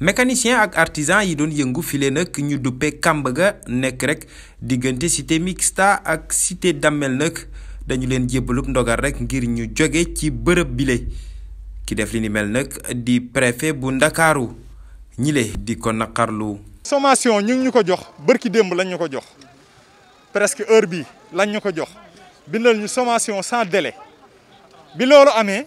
mécanicien ak artisan yi doon yëngu filé nak ñu duppé kamba ga nek rek digënté cité mixta ak cité damel nak dañu leen jébbalub ndogal rek ngir ñu joggé ci bërëb bile ki def li ni mel nak di préfet bu ndakaaru ñilé di ko nakarlu sommation ñu ñuko jox bërki demb lañ ñuko jox presque heure bi lañ ñuko jox bindal ñu sommation sans délai bi lolu amé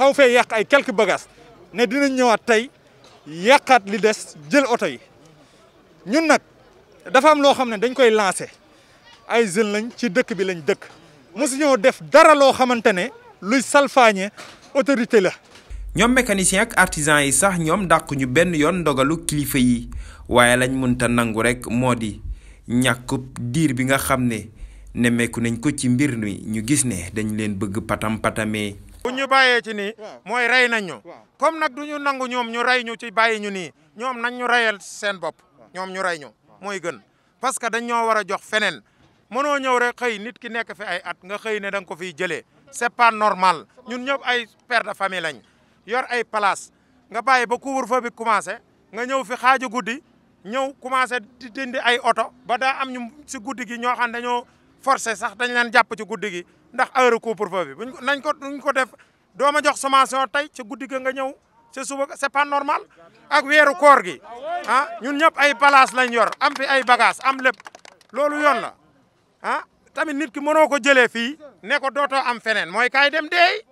xaw fee yàq ay quelque bagages ne dina ñëwaat tey yàqaat li des jël oto yi ñun nag dafa am loo xam ne dañ koy lancé ay jeunes lañ ci dëkk bi lañ dëkk mosu def dara loo xamante ne luy salfaañe autorité la. ñoom mécanicien ak artisan yi sax ñoom dàqu ñu benn yoon ndogalu kilifa yi waaye lañ mënta nangu rek moo di ñàkku diir bi nga xam ne nemmeeku nañ ko ci mbir mi ñu gis ne dañ leen bëgg patam patamee. bu ñu bàyyee ci ni mooy rey nañ ñu comme nag du ñu nangu ñoom ñu rey ñu ci bàyyi ñu ni ñoom nañ ñu reyal seen bopp ñoom ñu rey ñu mooy gën parce que dañ ñoo war a jox feneen mënoo ñëw rek xëy nit ki nekk fi ay at nga xëy ne da ko fiy jëlee c'est pas normal ñun ñëpp ay perde de famille lañ yor ay palace nga bàyyi ba couvre-feu bi commencé nga ñëw fi xaaju guddi ñëw commencé di dindi ay oto ba daa am ñu si guddi gi ñoo xam dañoo forcé sax dañ leen japp ci guddigi ndax heure couvre-feu bi buñ nañ ko duñ ko def doma ma jox sommation tay ci guddi nga ñew ci suba c'est pas normal ak wéru koor gi ah ñun ñep ay place lañ yor am fi ay bagage am lepp lolu yoon la ah tamit nit ki mëno ko jëlé fi ne ko doto am fenen moy kay dem deey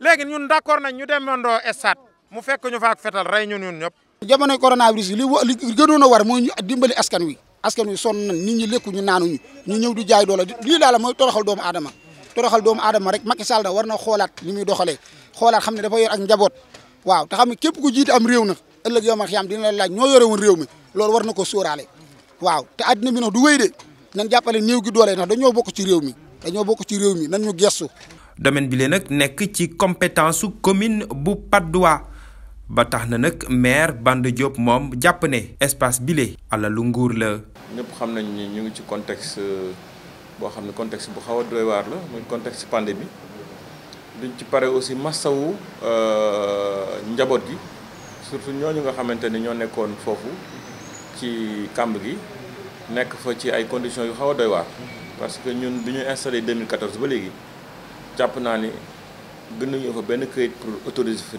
légui ñun d'accord nañ ñu dem ndo estat mu fekk ñu faak fetal ray ñun ñun ñep jamono coronavirus yi li gënoon war moy ñu dimbali askan wi askan wi sonn nañ nit ñi ñu naanuñu ñu ñëw du jaay doole lii daal mooy toroxal doomu aadama toroxal doomu adama rek Macky Sall war na xoolaat ni muy doxalee xoolaat xam ne dafa yor ak njaboot waaw te xam ne képp ku jiite am réew na ëllëg yow ma xiyaam dina la laaj ñoo yore woon réew mi loolu war ko sóoraale waaw te àddina bi nag du wéy de nañ jàppale néew gi doole ndax dañoo bokk ci réew mi dañoo bokk ci réew mi nan ñu gestu domaine bi lee nag nekk ci compétence commune bu Patte d'Oie ba tax na nag maire bande Diop mom jàpp ne espace bile alalu nguur la. ñëpp xam nañ ni ñu ngi ci contexte euh, bo xamni contexte bu xawa doy war la muy contexte pandémie duñ ci paré aussi massaw euh njabot gi surtout ñoñu nga xamanteni ño ñoo fofu ci kamb gi nekk fa ci ay conditions yu xawa doy war parce que ñun bi ñu installé 2014 ba légui jàpp naa ni gën nañu fa ben crédit pour autoriser fa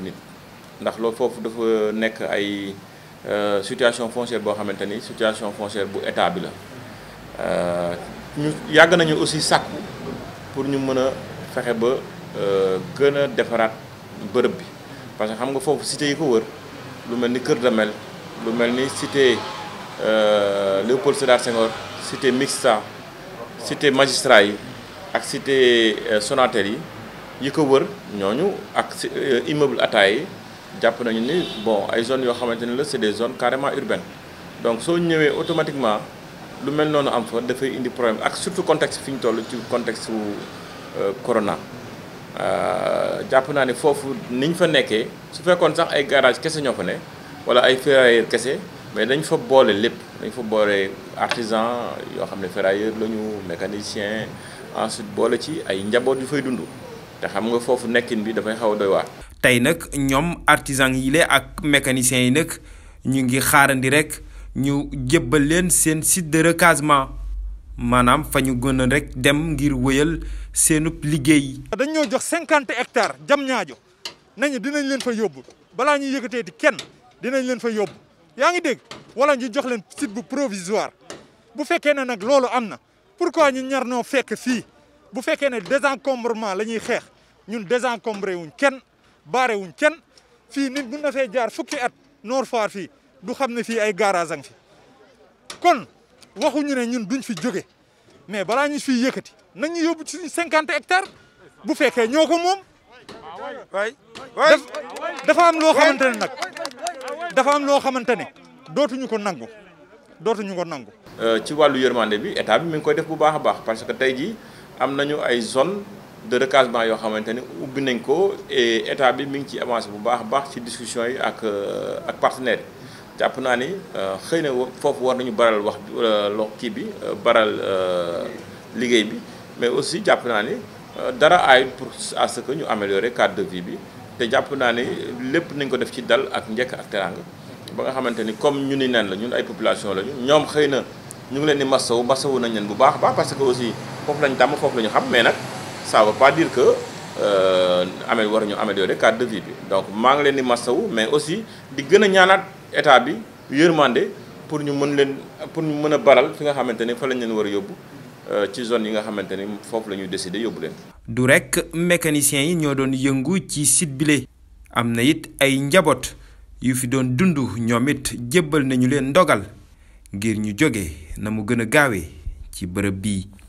ndax loolu foofu dafa nekk ay euh, situation foncière boo xamante ni situation foncière bu état bi la euh, ñu yàgg nañu aussi sàkku pour ñu mën a fexe ba euh, gën a defaraat bërëb bi parce que xam nga foofu cité yi ko wër lu mel ni Kër Damel lu mel ni cité Léopold Sédar Senghor cité Mixta cité magistrat yi ak cité Sonatel yi yi ko wër ñooñu ak immeuble Attaay yi jàpp nañu ni bon ay zones yo xamanteni la c'est des zones carrément urbaines donc so ñëwé automatiquement lu mel nonu am fa da fay indi problème ak surtout contexte fiñ ñu ci contexte wu euh, corona euh, jàpp naa ne fofu niñ fa nekkee su fekkon sax ay garage kessé ñoo fa ne wala ay ferrailleurs kessé mais dañ fa bolé lépp dañ fa boole artisan yo xamné ne ferrailleurs la ñu mécanicien ensuite bolé ci ay njaboot yu fay dundu te xam nga fofu nekkin bi da fay xaw doy waar tey nag ñoom artisan yi le ak mécaniciens yi nag ñu ngi xaarandi rek ñu jébbal leen seen site de maanaam fa ñu gën a rek dem ngir wëyal seenub liggéey. dañ ñoo jox cinquante hectares jam ñaajo nañu dinañ leen fa yóbbu balaa ñuy yëkkateeti kenn dinañ leen fa yóbbu yaa ngi dégg wala ñu jox leen site bu provisoire bu fekkee ne nag loolu am na pourquoi ñu ñar noo fekk fii bu fekkee ne désencombrement la ñuy xeex ñun désencombré wuñ kenn. baare cen fii nit mun na fee jaar fukki at Nord Foire fii du xam ne fii ay garage ang fi kon waxuñu ne ñun duñ fi jóge mais balaa ñu fiy yëkkati nañ yóbbu ci cinquante hectares bu fekkee ñoo ko moom. waay waay dafa am loo xamante ne nag dafa am loo xamante ne dootuñu ko nangu dootuñu ko nangu. Euh, ci wàllu yërmande bi état bi mi ngi koy def bu baax a baax parce que tey jii am nañu ay zone de recasement yo xamanteni ko et mi ngi bu baax discussion yi ak euh, ak partenaires japp euh, war baral wax euh, mais aussi japp naa ni dara à ce que ñu améliorer cadre de vie bi te japp naa ni lépp ko def ci dal ak ak ba comme la ñun ay population lañu ñu ngi nañ bu baax parce que aussi foofu lañ tàmm foofu la xam ça veut pas dire que euh, Amel war ñu améliorer cadre de vie donc maa ngi leen di mais aussi di gën a ñaanaat état bi yërmande pour ñu mën pour ñu mën baral fi nga xamante ni fa lañ leen war a yóbbu euh, ci zone yi nga xamanteni ni foofu décider yobbu len du rek mécanicien yi ñoo doon yëngu ci site bi lé amna yit ay njabot yu fi doon dundu ñoom it nañu leen ndogal ngir ñu joggé na mu gëna a ci bërëb bi